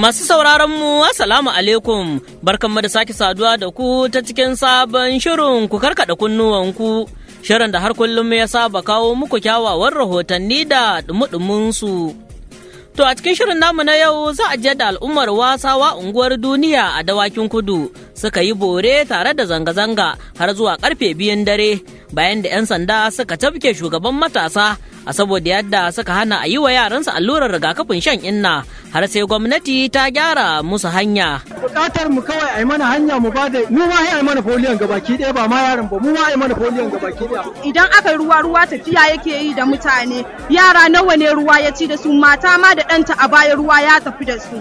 Masu sauraron mu Assalamu alaikum barkanmu da sake saduwa da ku ta cikin sabon shirin ku karkada kunnuwanku shirin da har kullum ya saba kawo muku kyawawan rahotanni da dumudumin su. To a cikin shirin namu na yau za a da al'ummar wasawa unguwar duniya a dawakin kudu suka yi bore tare da zanga-zanga har zuwa karfe biyun dare bayan da 'yan sanda suka tafke shugaban matasa a saboda yadda suka hana a yi wa yaransu allurar rigakafin shan inna har sai gwamnati ta gyara musu hanya. bukatar mu kawai ai mana hanya mu ba da mu ma ai mana foliyon baki ɗaya, ba ma yaran ba mu ma ai mana foliyon baki ɗaya. idan aka ruwa ruwa tafiya yake yi da mutane yara nawa ne ruwa ya ci da su mata ma da ɗanta a baya ruwa ya tafi da su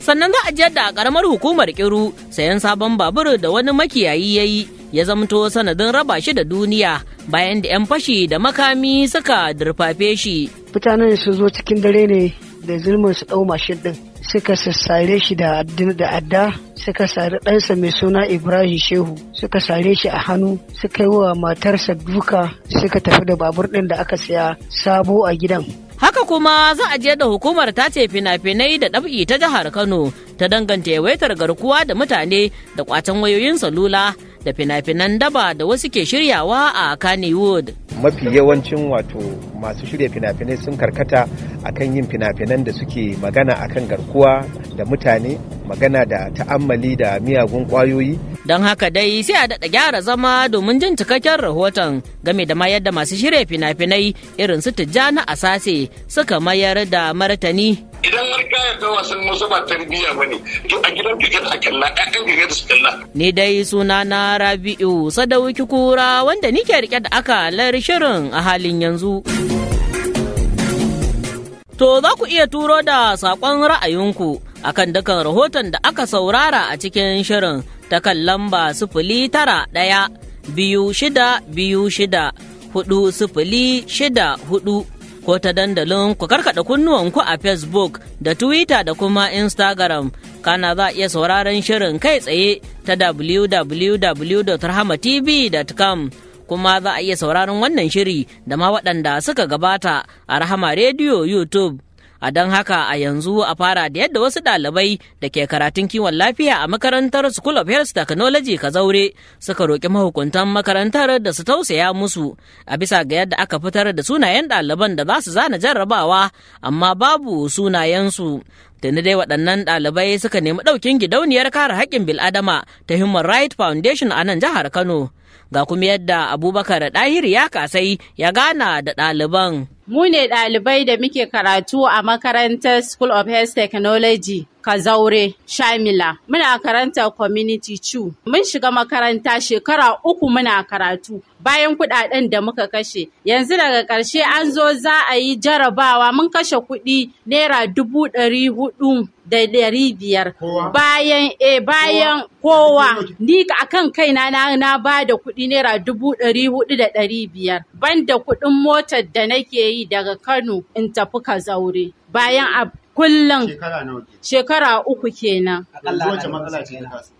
sannan za a jiyar da karamar hukumar kiru sayan sabon babur da wani makiyayi ya yi ya zamto sanadin raba shi da duniya bayan da 'yan fashi da makami suka durfafe shi mutanen su zo cikin dare ne da zulmin su ɗau mashin ɗin suka sassare shi da adda suka sari ɗansa mai suna ibrahim shehu suka sare shi a hannu suka yi wa matarsa duka suka tafi da babur ɗin da aka saya sabo a gidan haka kuma za a je da hukumar ta ce fina-finai da ɗab'i ta jihar kano ta danganta yawaitar garkuwa da mutane da kwacen wayoyin salula da fina-finan daba da wasu ke shiryawa a Kannywood. Mafi yawancin wato masu shirya fina-finai sun karkata akan yin fina-finan da suke magana akan garkuwa da mutane, magana da ta'ammali da miyagun kwayoyi. Don haka dai sai a daɗa gyara zama domin jin cikakken rahoton game da mayar da masu shirya fina-finai irin su Tijjani Asase suka mayar da martani. idan har ka yarda wasan musu ba tarbiyya ba ne, to a gidan ka a kalla ƴaƴan ka gida su kalla ni dai suna na Rabi'u Sadauki Kura wanda nike rike da aka lar shirin a halin yanzu To za ku iya turo da saƙon ra'ayinku akan dukan rahoton da aka saurara a cikin shirin ta kan lamba sifili tara ɗaya biyu shida biyu shida hudu sifili shida hudu ko ta dandalin ku kunnuwan ku a Facebook da Twitter da kuma Instagram. Kana za a iya sauraron shirin kai tsaye ta www.rahamatv.com kuma za a iya sauraron wannan shiri da ma waɗanda suka gabata a Rahama Radio YouTube. a don haka a yanzu a fara da yadda wasu ɗalibai da ke karatun kiwon lafiya a makarantar school of health technology ka zaure suka roƙi mahukuntan makarantar da su tausaya musu a bisa ga yadda aka fitar da sunayen ɗaliban da za su zana jarrabawa amma babu sunayensu tuni dai waɗannan ɗalibai suka nemi ɗaukin gidauniyar kare haƙƙin bil'adama ta human rights foundation a nan jihar kano Ga kuma yadda Abubakar Ɗahir ya kasai ya gana da ɗaliban. Mu ne ɗalibai da muke karatu a makarantar School of Health Technology Kazaure Shamila. Muna karanta Community chu Mun shiga makaranta shekara uku muna karatu. Bayan kuɗaɗen da muka kashe, yanzu daga ƙarshe an zo za a yi jarabawa mun kashe kuɗi naira dubu ɗari hudu da ɗari biyar bayan e bayan kowa ni akan kaina na na ba da kuɗi naira dubu ɗari hudu da ɗari biyar Ban da kuɗin motar da nake yi daga Kano in tafi Kazaure bayan kullum shekara uku kenan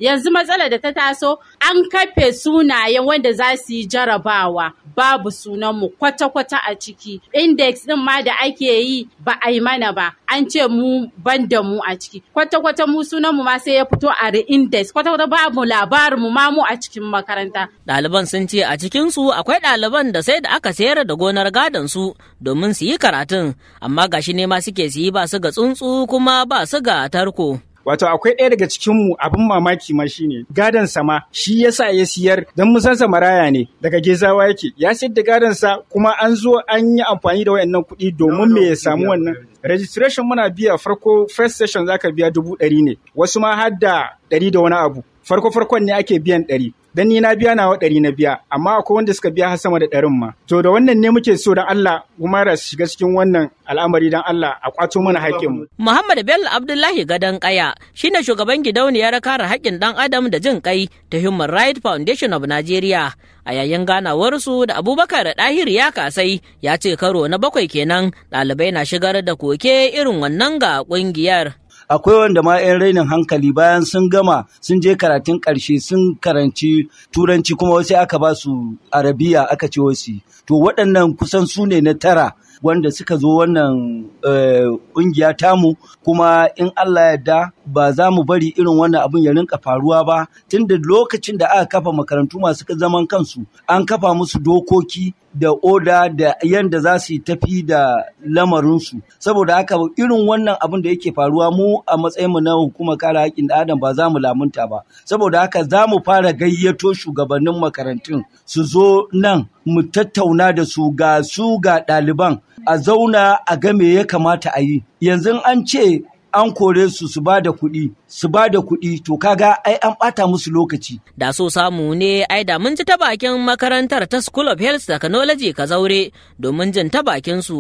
yanzu matsala da ta taso an kafe sunayen wanda za su yi jarabawa babu sunanmu kwata-kwata a ciki index ɗin ma da ake yi ba a yi mana ba an ce mu ban da mu a ciki kwata-kwata mu sunanmu ma sai ya fito a index kwata-kwata babu labarinmu ma mu a cikin makaranta ɗaliban sun ce a cikinsu akwai ɗaliban da sai da aka sayar da gonar gadon su domin su yi karatun amma gashi ne ma suke su yi ba su ga tsun tsuntsu kuma ba su ga tarko. Wato akwai ɗaya daga cikinmu abin mamaki ma shine gadon sama shi ya sa ya siyar don musansa maraya ne daga gezawa yake ya siyar da gadon sa kuma an zo an yi amfani da wayannan kuɗi domin me ya samu wannan registration muna biya farko first session zaka biya dubu ɗari ne wasu ma har da ɗari da wani abu farko farkon ne ake biyan ɗari dan ni na biya nawa ɗari na biya amma akwai wanda suka biya har sama da ɗarin ma to da wannan ne muke so dan Allah umara su shiga cikin wannan al'amari dan Allah a kwato mana haƙƙin mu Muhammad Bello Abdullahi Gadan Kaya shine shugaban gidauniyar kare haƙƙin dan adam da jin kai ta Human Rights Foundation of Nigeria a yayin ganawar su da Abubakar Dahir ya kasai ya ce karo na bakwai kenan ɗalibai na shigar da koke irin wannan ga ƙungiyar akwai wanda ma 'yan rainin hankali bayan sun gama sun je karatun karshe sun karanci turanci kuma wasu aka ba su arabiya aka ce wasu to waɗannan kusan su ne na tara wanda suka zo wannan eh, ƙungiya tamu kuma in Allah ya da ba za mu bari irin wannan abin ya rinka faruwa ba tunda lokacin da aka kafa makarantu masu zaman kansu an kafa musu dokoki da oda da yadda za su tafi da lamarinsu saboda haka irin wannan abin da yake faruwa mu a matsayin mu na hukumar kare haƙƙin da adam ba za mu lamunta ba saboda haka za mu fara gayyato shugabannin makarantun su zo nan mu tattauna da su ga su ga ɗaliban a zauna a ga me ya kamata a yi yanzu an ce an kore su su ba da kuɗi su ba da kuɗi to kaga ai an ɓata musu lokaci. Da so samu ne ai da mun ji ta bakin makarantar ta School of Health Technology ka zaure domin jin ta bakin su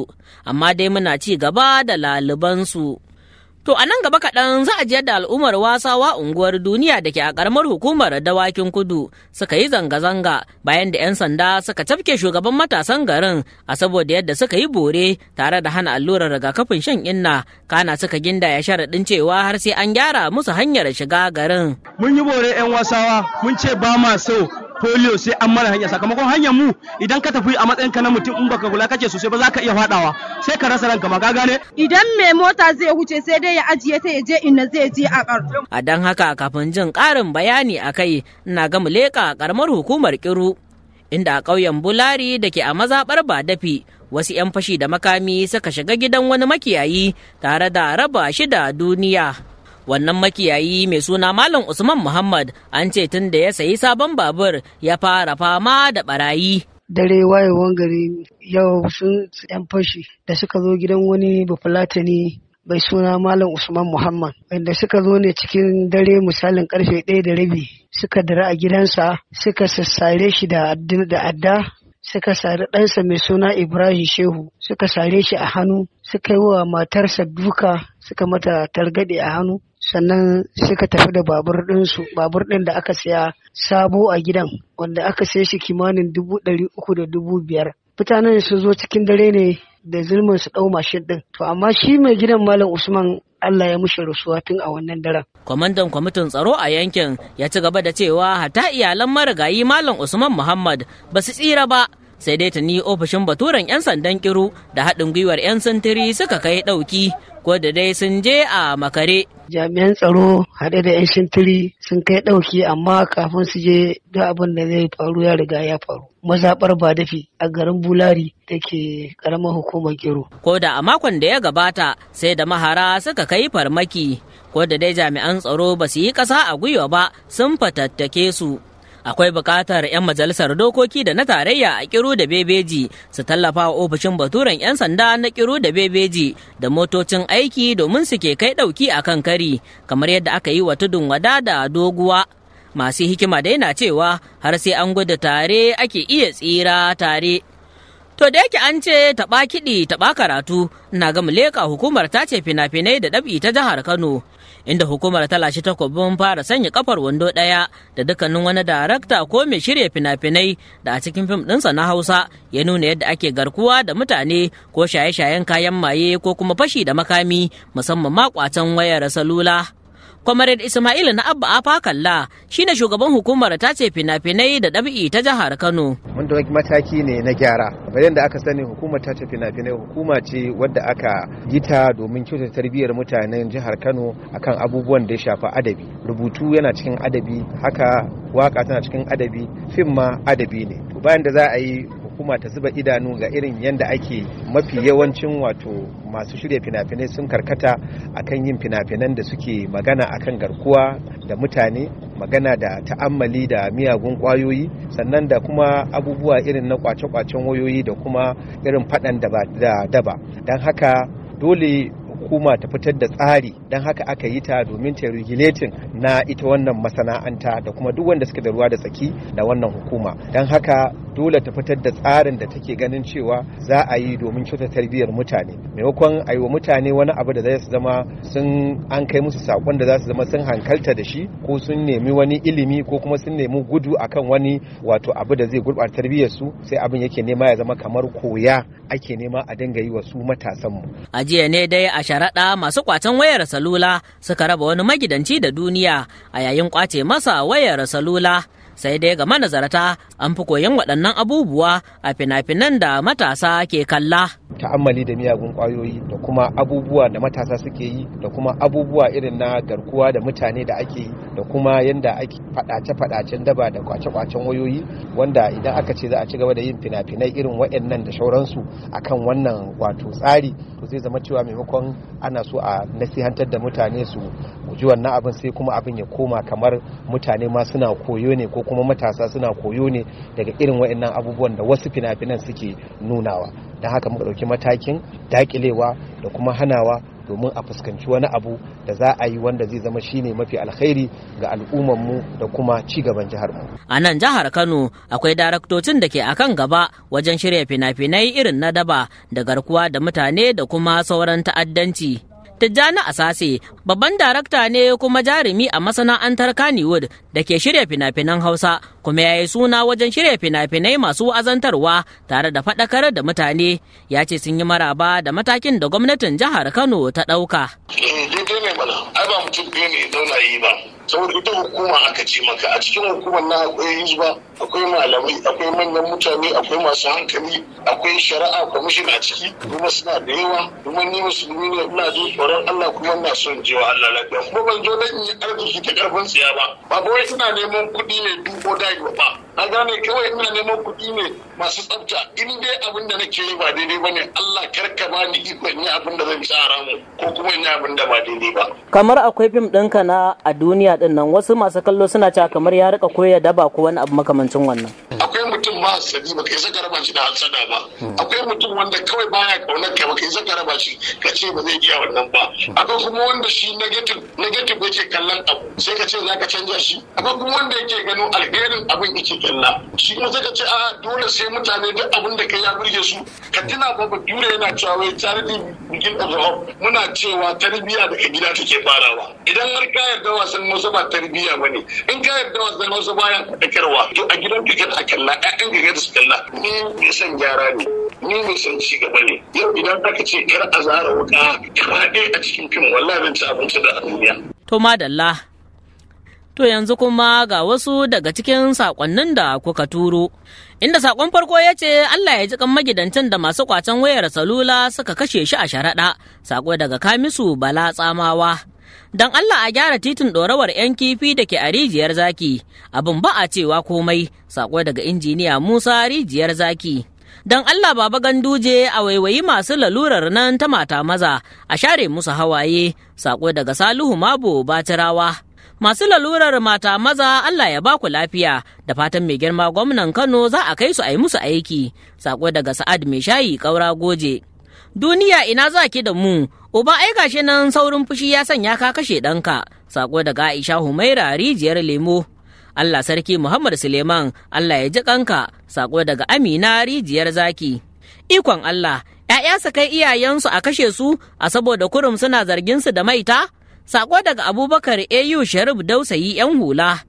amma dai muna ci gaba da ɗalibansu. su. To a nan gaba kaɗan za a jiyar da al'ummar wasawa unguwar duniya da ke a ƙaramar hukumar dawakin kudu suka yi zanga-zanga bayan da 'yan sanda suka tafke shugaban matasan garin a saboda yadda suka yi bore tare da hana allurar rigakafin shan inna kana suka ginda ya sharaɗin cewa har sai an gyara musu hanyar shiga garin. Mun yi bore 'yan wasawa mun ce ba ma so polio sai an mana hanya sakamakon hanyar mu idan ka tafi a matsayin ka na mutum in baka kula kace sosai ba za ka iya fadawa sai ka rasa ranka ma ka gane idan mai mota zai huce sai dai ya ajiye ta ya je inna zai je a kar a dan haka kafin jin karin bayani akai ina ga muleka karamar hukumar kiru inda a ƙauyen bulari da ke a mazaɓar badafi wasu 'yan fashi da makami suka shiga gidan wani makiyayi tare da raba shi da duniya wannan makiyayi mai suna malam usman muhammad an ce tun da ya sayi sabon babur ya fara fama da barayi dare wayewan gari yau sun yan fashi da suka zo gidan wani bafulatani bai suna malam usman muhammad wanda suka zo ne cikin dare misalin karfe ɗaya da rabi suka dara a gidansa suka sassare shi da adda suka sari ɗansa mai suna Ibrahim Shehu suka sare shi a hannu suka yi wa matarsa duka suka mata targaɗe a hannu sannan suka tafi da babur ɗinsu babur ɗin da aka saya sabo a gidan wanda aka sai shi kimanin dubu ɗari uku da dubu biyar mutanen su zo cikin dare ne da zulmin su ɗau mashin ɗin to amma shi mai gidan malam usman Allah ya mushe rasuwa tun a wannan daren. Kwamandan kwamitin tsaro a yankin ya ci gaba da cewa hata iyalan marigayi Malam Usman Muhammad ba su tsira ba sai dai tuni ofishin baturen 'yan sandan kiru da haɗin gwiwar 'yan sintiri suka kai ɗauki ko da dai sun je a makare. Jami'an tsaro haɗe da 'yan sintiri sun kai ɗauki amma kafin su je da abin da zai faru ya riga ya faru. Mazaɓar dafi a garin Bulari da ke ƙaramar hukumar Kiro. Ko da a makon da ya gabata sai da mahara suka kai farmaki. Ko da dai jami'an tsaro ba su yi ƙasa a gwiwa ba sun fatattake su. akwai bukatar 'yan majalisar dokoki da na tarayya a kiru da bebeji su tallafa wa ofishin baturen 'yan sanda na kiru da bebeji da motocin aiki domin su ke kai dauki a kan kari kamar yadda aka yi wa tudun wada da doguwa masu hikima dai na cewa har sai an gudu tare ake iya tsira tare To da yake an ce taɓa kiɗi taɓa karatu na ga leƙa hukumar ta ce fina-finai da ɗabi ta jihar Kano inda hukumar ta lashe takobin fara sanya kafar wando daya da dukkanin wani darakta ko mai shirya fina-finai da a cikin fim dinsa na hausa ya nuna yadda ake garkuwa da mutane ko shaye-shayen kayan maye ko kuma fashi da makami musamman ma kwacen wayar salula Kwamared Ismail na Abba Afa shi shine shugaban hukumar ta ce fina-finai da ɗabi'i ta jihar Kano. Mun da mataki ne na gyara. Bayan da aka sani hukumar ta ce fina-finai hukuma ce wadda aka yi ta domin kyautata tarbiyyar mutanen jihar Kano akan abubuwan da ya shafa adabi. Rubutu yana cikin adabi, haka waka tana cikin adabi, fim ma adabi ne. Bayan da za a yi hukuma ta zuba idanu ga irin yadda ake mafi yawancin wato masu shirya fina-finai sun karkata akan yin fina-finan da suke magana akan garkuwa da mutane magana da ta'ammali da miyagun kwayoyi sannan da kuma abubuwa irin na kwace-kwacen wayoyi da kuma irin faɗan da daba don haka dole hukuma ta fitar da tsari don haka aka yi ta domin ta regulating na ita wannan masana'anta da kuma duk wanda suke da ruwa da tsaki da wannan hukuma don haka dole ta fitar da tsarin da take ganin cewa za a yi domin kyauta tarbiyyar mutane maimakon a yi wa mutane wani abu da za su zama sun an kai musu sakon da za su zama sun hankalta da shi ko sun nemi wani ilimi ko kuma sun nemi gudu akan wani wato abu da zai gurɓata tarbiyyar su sai abin yake nema ya zama kamar koya ake nema a dinga yi wa su matasan mu a jiya ne dai a sharaɗa masu kwacen wayar salula suka raba wani magidanci da duniya a yayin kwace masa wayar salula sai dai ga manazarta an fi koyon waɗannan abubuwa a fina-finan da matasa ke kalla. ta'ammali da miyagun kwayoyi da kuma abubuwa da matasa suke yi da kuma abubuwa irin na garkuwa da mutane da ake yi da kuma yadda ake faɗace-faɗacen daba da kwace-kwacen wayoyi wanda idan aka ce za a ci gaba da yin fina-finai irin waɗannan da shauransu akan wannan wato tsari to zai zama cewa maimakon ana so a nasihantar da mutane su guji wannan abin sai kuma abin ya koma kamar mutane ma suna koyo ne ko kuma matasa suna koyo ne daga irin waɗannan abubuwan da wasu fina-finan suke nunawa don haka muka ɗauki matakin daƙilewa da kuma hanawa domin a fuskanci wani abu da za a yi wanda zai zama shine mafi alkhairi ga mu da kuma ci gaban jihar mu. A nan jihar Kano akwai daraktocin da ke akan gaba wajen shirya fina-finai irin na daba da garkuwa da mutane da kuma sauran ta'addanci. Tijjani Asase babban darakta ne kuma jarumi a masana'antar Kannywood da ke shirya fina-finan Hausa kuma ya yi suna wajen shirya fina-finai masu wa'azantarwa tare da faɗakar da mutane ya ce sun yi maraba da matakin da gwamnatin jihar Kano ta ɗauka. kai ne mana ai ba mutum biyu ne zauna yi ba saboda ita hukuma aka ce maka a cikin hukumar na akwai hizba akwai malamai akwai manyan mutane akwai masu hankali akwai shari'a kwamishin a ciki kuma suna da yawa kuma ni musulmi ne ina jin tsoron Allah kuma ina son jewa Allah lafiya kuma ban zo nan yi arziki ta karfin siya ba ba kawai suna neman kuɗi ne da yi ba na gane kawai ina neman kuɗi ne masu tsafta in dai abin da nake yi ba daidai ne Allah karka bani ikon yi abin da zan a ko kuma in yi abin da ba daidai kamar akwai fim ɗinka na a duniya ɗin nan wasu masu kallo suna cewa kamar ya rika koya daba ko wani abu makamancin wannan mutum ma sani ba kai zaka raba shi da hasada ba akwai mutum wanda kawai baya kaunar ka ba kai zaka raba shi ka ce ba zai iya wannan ba akwai kuma wanda shi negative negative yake kallon abu sai ka ce zaka canja shi akwai kuma wanda yake gano alherin abin yake kalla shi kuma sai ka ce a ah, dole sai mutane duk abin da kai ya burge su ka tuna ba dure yana cewa wai charity begin of the home muna cewa tarbiyya daga gida take farawa idan har ka yarda wasan musa ba tarbiyya bane in ka yarda wasan musa baya fadakarwa to a gidan ka a kalla ƴaƴan da su kalla ni mai son gyara ne ni mai son ci gaba ne yau idan aka ce kar a zara wuka kama ɗaya a cikin fim wallahi zan ci abinci da duniya. to madalla To yanzu kuma ga wasu daga cikin sakonnin da kuka turo. Inda sakon farko ya ce Allah ya ji kan magidancin da masu kwacen wayar salula suka kashe shi a sharaɗa, sako daga Kamisu Bala Tsamawa. Don Allah a gyara titin ɗorawar 'yan kifi da ke a rijiyar zaki, abin ba a cewa komai, Saƙo daga injiniya Musa rijiyar zaki. Don Allah baba ganduje a waiwayi masu lalurar nan ta mata maza, a share musu hawaye, Saƙo daga Salihu Mabo Batirawa. Masu lalurar mata maza Allah ya baku lafiya da fatan mai girma gwamnan Kano za a kai su a yi musu aiki, Saƙo daga Sa'ad mai shayi ƙaura goje. Duniya ina za ki da mu, Uba aika shi nan saurin fushi ya sanya ka kashe ɗanka, sako daga Aisha Humaira rijiyar lemo. Allah sarki Muhammad Suleiman Allah ya ji ƙanka, sako daga Amina rijiyar zaki. Ikon Allah, ‘ya'ya su kai iyayensu a kashe su a saboda kurum suna zargin su da maita? Sako daga Abubakar AU Sharif Dausayi ‘yan hula.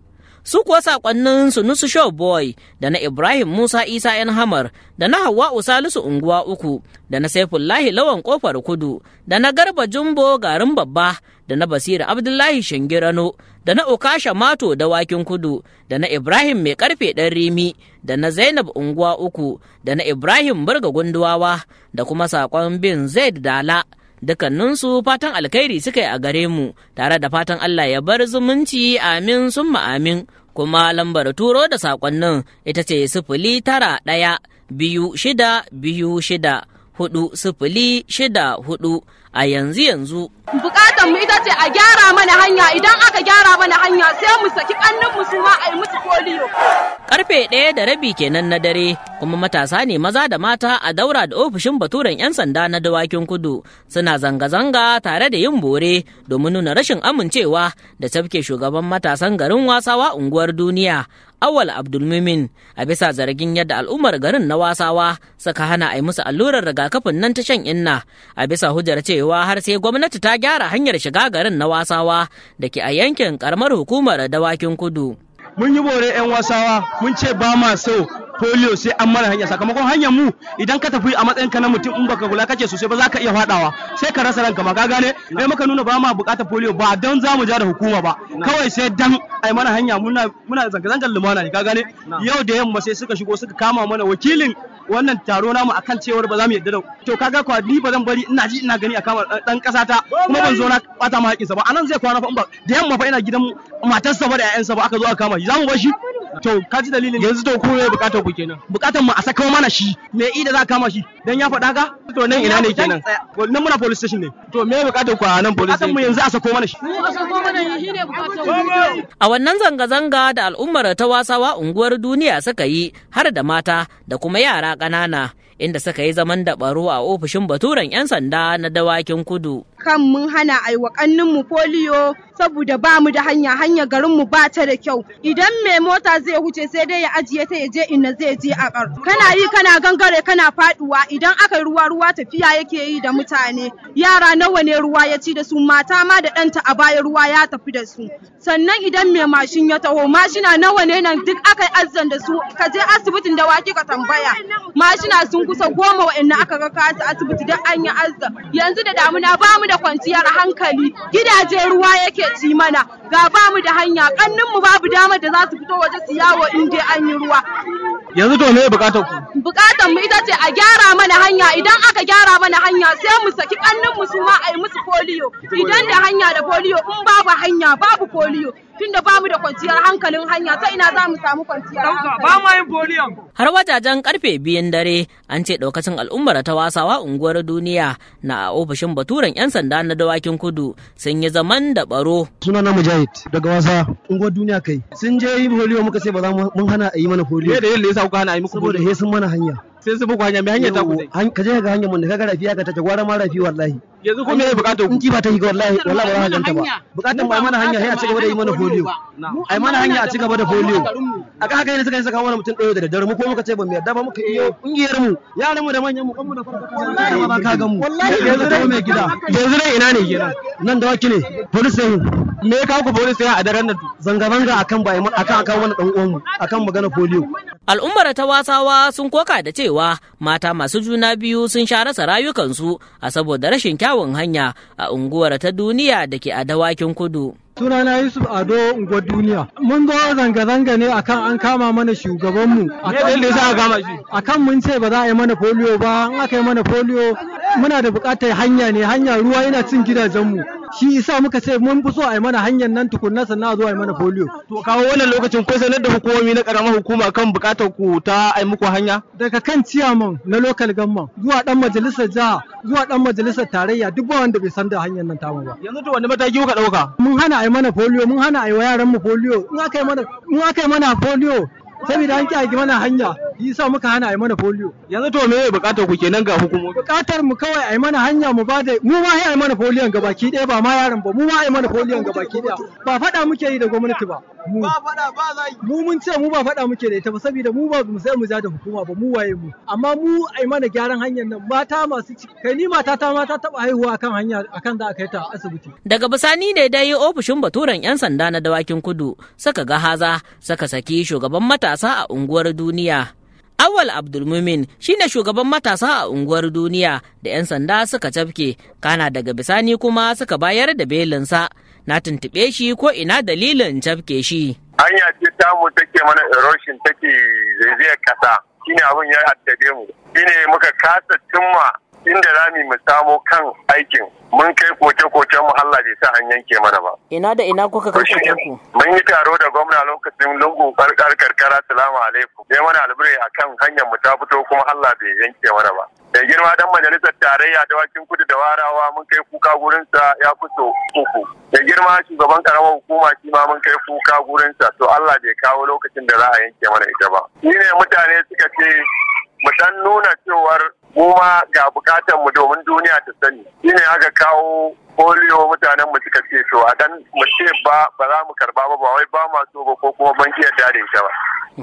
su kuwa sakonnin sunusu boy da na ibrahim musa isa yan hamar da na hawa salisu unguwa uku da na saifullahi lawan kofar kudu da na garba jumbo garin babba da na basira abdullahi shingirano da na okasha mato da wakin kudu da na ibrahim mai karfe ɗan rimi da na zainab unguwa uku da na ibrahim burga gunduwawa da kuma sakon bin zaid dala dukanninsu fatan alkhairi suka yi a gare mu tare da fatan Allah ya bar zumunci amin sun amin kuma lambar turo da saƙonnin ita ce sifili tara ɗaya biyu shida biyu shida hudu sifili shida huɗu a yanzu yanzu. Bukatar mu ita ce a gyara mana hanya idan aka gyara mana hanya sai mu saki kannin mu suma a yi musu foliyo. Karfe ɗaya da rabi kenan na dare kuma matasa ne maza da mata a daura da ofishin baturen 'yan sanda na dawakin kudu suna zanga-zanga tare da yin bore domin nuna rashin amincewa da tafke shugaban matasan garin wasawa unguwar duniya awal abdulmumin a bisa zargin yadda al'ummar garin na wasawa suka hana a yi musu allurar rigakafin nan ta shan inna a bisa hujjar cewa har sai gwamnati ta gyara hanyar shiga garin na wasawa da ke a yankin karamar hukumar dawakin kudu mun yi bore 'yan wasawa mun ce ba ma so polio sai an mara hanya sakamakon hanyar mu idan ka tafi a matsayin ka na mutum in baka kula kace sosai ba za ka iya fadawa sai ka rasa ranka ma ka gane dai maka nuna ba ma bukatar polio ba don za mu ja da hukuma ba kawai sai dan ai mana hanya muna muna zanga zangar lumana ne ka gane yau da yamma sai suka shigo suka kama mana wakilin wannan taro namu akan cewar ba za mu yadda da to kaga kwa ni ba zan bari ina ji ina gani a kama eh, dan kasa ta kuma ban zo na bata ma hakinsa ba anan zai kwana fa in ba da yamma fa ina gidan matarsa ba da 'ya'yansa ba aka zo aka kama shi za mu bar shi To ka ji dalilin yanzu to ku ne bukatar ku kenan. Bukatar mu a saka mana shi. Me i da za ka kama shi? Dan ya faɗa ka? To nan ina ne kenan? Nan muna police station ne. To me bukatar ku a nan police station? mu yanzu a sako mana shi. A wannan zanga-zanga da al'ummar ta wasawa unguwar duniya suka yi har da mata da kuma yara ƙanana. Inda suka yi zaman dabaru a ofishin baturen 'yan sanda na dawakin kudu. kan mun hana aiwa mu foliyo saboda ba mu da hanya hanya garin mu bata da kyau idan mai mota zai huce sai dai ya ajiye ta ya je ina zai je a kar kana yi kana gangare kana faduwa idan aka yi ruwa ruwa tafiya yake yi da mutane yara nawa ne ruwa ya ci da su mata ma da danta a baya ruwa ya tafi da su sannan idan mai mashin ya taho mashina nawa ne nan duk aka yi azzan da su ka je asibitin da waki ka tambaya mashina sun kusa goma wa'annan aka ga kasu asibiti don an yi azzan yanzu da damuna ba mu da kwanciyar hankali gidaje ruwa yake ci mana ga ba mu da hanya mu babu damar da za su fito waje su yawo in dai an yi ruwa yanzu to me bukatar ku bukatar mu ita ce a gyara mana hanya idan aka gyara mana hanya sai mu saki kannin mu su ma a yi musu polio idan da hanya da polio in babu hanya babu polio tunda ba mu da kwanciyar hankalin hanya ta ina za mu samu kwanciyar hankali. Ba ma yin boliyan. Har wajajen karfe biyan dare an ce ɗaukacin al'ummar ta wasawa unguwar duniya na a ofishin baturen 'yan sanda na dawakin kudu sun yi zaman da baro. na Mujahid daga wasa unguwar duniya kai. Sun je yi polio muka ce ba za mun hana a yi mana polio. Me da yin da yasa kuka hana a yi muku polio? Saboda he sun mana hanya. Sai su buku hanya mai hanya ta kuɗi. Ka je ka ga hanyar mun da ka ga rafiya ka tace gwara ma rafi wallahi. yanzu kuma me bukatar ku ba ta yi wallahi wallahi ba za ka ba bukatar mu ai mana hanya sai a cigaba da yi mana polio ai mana hanya a cigaba da folio. a ka haka ne suka yi saka mana mutum ɗaya da daddare mu ko muka ce ba mu yarda ba muka iyo kungiyar mu yaran mu da manyan mu kanmu da farko ba ka ga mu yanzu dai mai gida yanzu dai ina ne kenan nan da waki ne police ne me ya kawo ku police a daren nan zanga zanga akan ba akan akan wani dan uwan mu akan magana folio. Al'ummar ta wasawa sun koka da cewa mata masu juna biyu sun sha rasa rayukansu a saboda rashin kyawun kyawun hanya a unguwar ta duniya da ke a dawakin kudu. sunana Yusuf Ado unguwar Duniya. Mun zo zanga-zanga ne akan an kama mana shugabanmu. a kan Akan mun ce ba za a yi mana foliyo ba, an aka yi mana foliyo muna da bukatar hanya ne, hanya ruwa yana cin gidajenmu. shi isa muka ce mun fi so a yi mana hanyar nan tukunna sannan a zo a yi mana polio to kawo wannan lokacin kun sanar da hukumomi na karamar hukuma kan bukatar ku ta a muku hanya daga kan ciyaman na local gamman zuwa dan majalisar jiha zuwa dan majalisar tarayya duk ba wanda bai san da hanyar nan tamu ba yanzu to wani mataki kuka dauka mun hana a yi mana polio mun hana a yi wa yaran mu polio in aka yi mana in aka yi mana polio saboda an ki a mana hanya Yi sa muka hana a yi mana polio yanzu to me bukatar ku kenan ga hukumomi bukatar mu kawai a yi mana hanya mu ba da mu ma a yi mana polio ga baki ɗaya ba ma yaron ba mu ma a yi mana polio ga baki ɗaya ba faɗa muke yi da gwamnati ba mu mu mun ce mu ba faɗa muke da ita ba saboda mu ba mu sai mu ja da hukuma ba mu waye mu amma mu a yi mana gyaran hanyar nan mata masu ciki kai ni mata ta ma ta taba haihuwa akan hanya akan za a kai ta asibiti daga bisani ne dai ofishin baturen yan sanda na dawakin kudu saka ga haza saka saki shugaban matasa a unguwar duniya Awal Abdulmumin shine shugaban matasa a unguwar duniya da 'yan sanda suka cafke, kana daga bisani kuma suka bayar da belinsa. Na tuntuɓe shi ko ina dalilin cafke shi. Hanya ce tamu take mana erosion take zaizayar kasa, shine abin ya haddabe mu, shine muka kasa cimma inda za mu samo kan aikin mun kai koke-koken mu Allah bai sa an yanke mana ba. Ina da ina kuka kai ku Mun yi taro da gwamna lokacin lungu karkar karkara salamu alaikum. Sai mana albire akan hanyar mu ta fito kuma Allah bai yanke mana ba. Da girma dan majalisar tarayya da wakin kudu da warawa mun kai kuka gurinsa ya fito uku. Da girma shugaban karamar hukuma shi ma mun kai kuka gurinsa to Allah bai kawo lokacin da za a yanke mana ita ba. Shi ne mutane suka ce mu dan nuna cewar mu ga bukatar mu domin duniya ta sani shine aka kawo polio mutanen mu suka ce to a dan mu ce ba ba za mu karba ba ba wai ba ma so ba ko kuma banki ya dare ta ba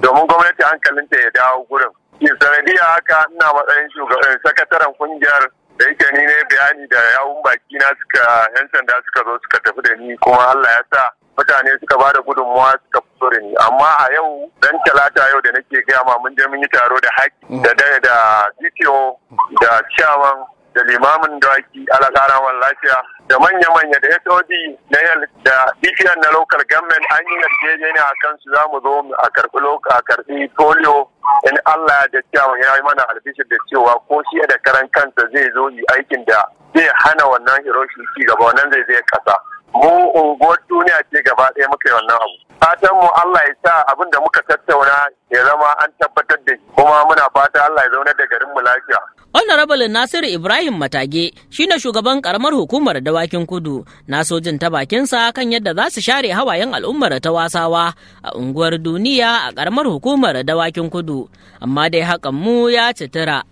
domin gwamnati hankalin ta ya dawo gurin sanadiya haka ina matsayin shugaban sakataren kungiyar da yake ni ne bayani da yawun baki na suka yan sanda suka zo suka tafi da ni kuma Allah ya sa mutane suka ba da gudunmuwa suka fito da ni amma a yau dan talata yau da nake gaya ma mun je mun yi taro da haƙi mm. da da da chairman da limamin dawaki alakarawan lafiya da manya-manya da SOD na yal da DPN na local government an yi yarjejeniya a kansu za mu zo a karɓi a karɓi polio in Allah ya da cewa ya yi mana albishir da cewa ko shi da karan kansa zai zo yi aikin da zai hana wannan hiroshi ci gaba wannan zai zai kasa. mu unguwar duniya ce gaba ɗaya muka yi wannan abu fatan mu Allah ya sa abin da muka tattauna ya zama an tabbatar da shi. kuma muna fata Allah ya zauna da garin mu lafiya Honorable Nasiru Ibrahim Matage shine shugaban karamar hukumar dawakin kudu na sojin ta bakinsa kan yadda za su share hawayen al'ummar ta wasawa a unguwar duniya a karamar hukumar dawakin kudu amma dai hakan mu ya citira.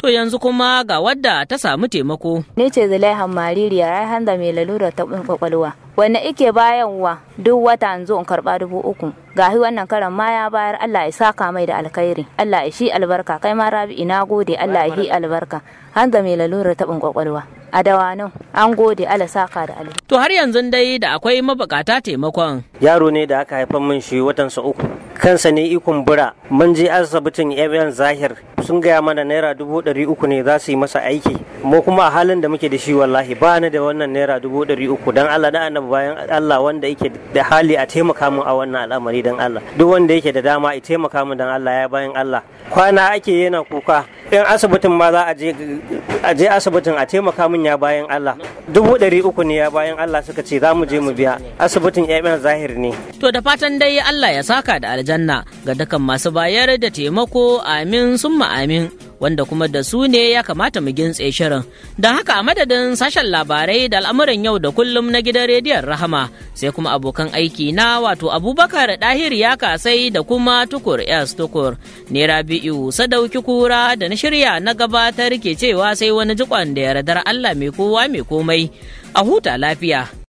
To yanzu kuma ga wadda ta samu taimako. Ni ce Zulaihan a Raihan da mai lalura ta kwakwalwa. Wanne ike bayan wa duk wata an zo in karɓa dubu uku. Gahi wannan karan ma ya bayar Allah ya saka mai da alkhairi. Allah ya shi albarka kai ma Rabi ina gode Allah ya yi albarka. Handa mai lalura ta kwakwalwa. A dawanau an gode Allah saka da alheri. To har yanzu dai da akwai mabukata taimakon. Yaro ne da aka haifa min shi watansa uku. kansa ne ikon bura mun je asibitin mn zahir sun gaya mana naira dubu ɗari uku ne za su yi masa aiki mu kuma a halin da muke da shi wallahi ba ni da wannan naira dubu ɗari uku dan allah da annabi bayan allah wanda yake da hali a taimaka min a wannan al'amari dan allah duk wanda yake da dama a taimaka min dan allah ya bayan allah kwana ake yana kuka in asibitin ma za a je asibitin a taimaka min ya bayan allah dubu ɗari uku ne ya bayan allah suka ce za mu je mu biya asibitin mn zahir ne to da fatan dai allah ya saka da aljanna aljanna ga dukan masu bayar da taimako amin summa amin wanda kuma da su ne ya kamata mu gintse shirin don haka a madadin sashen labarai da al'amuran yau da kullum na gidan rediyon rahama sai kuma abokan aiki na wato abubakar dahir ya kasai da kuma tukur s tukur ne rabi'u sadauki kura da na shirya na gabatar ke cewa sai wani jikon da yardar allah mai kowa mai komai a huta lafiya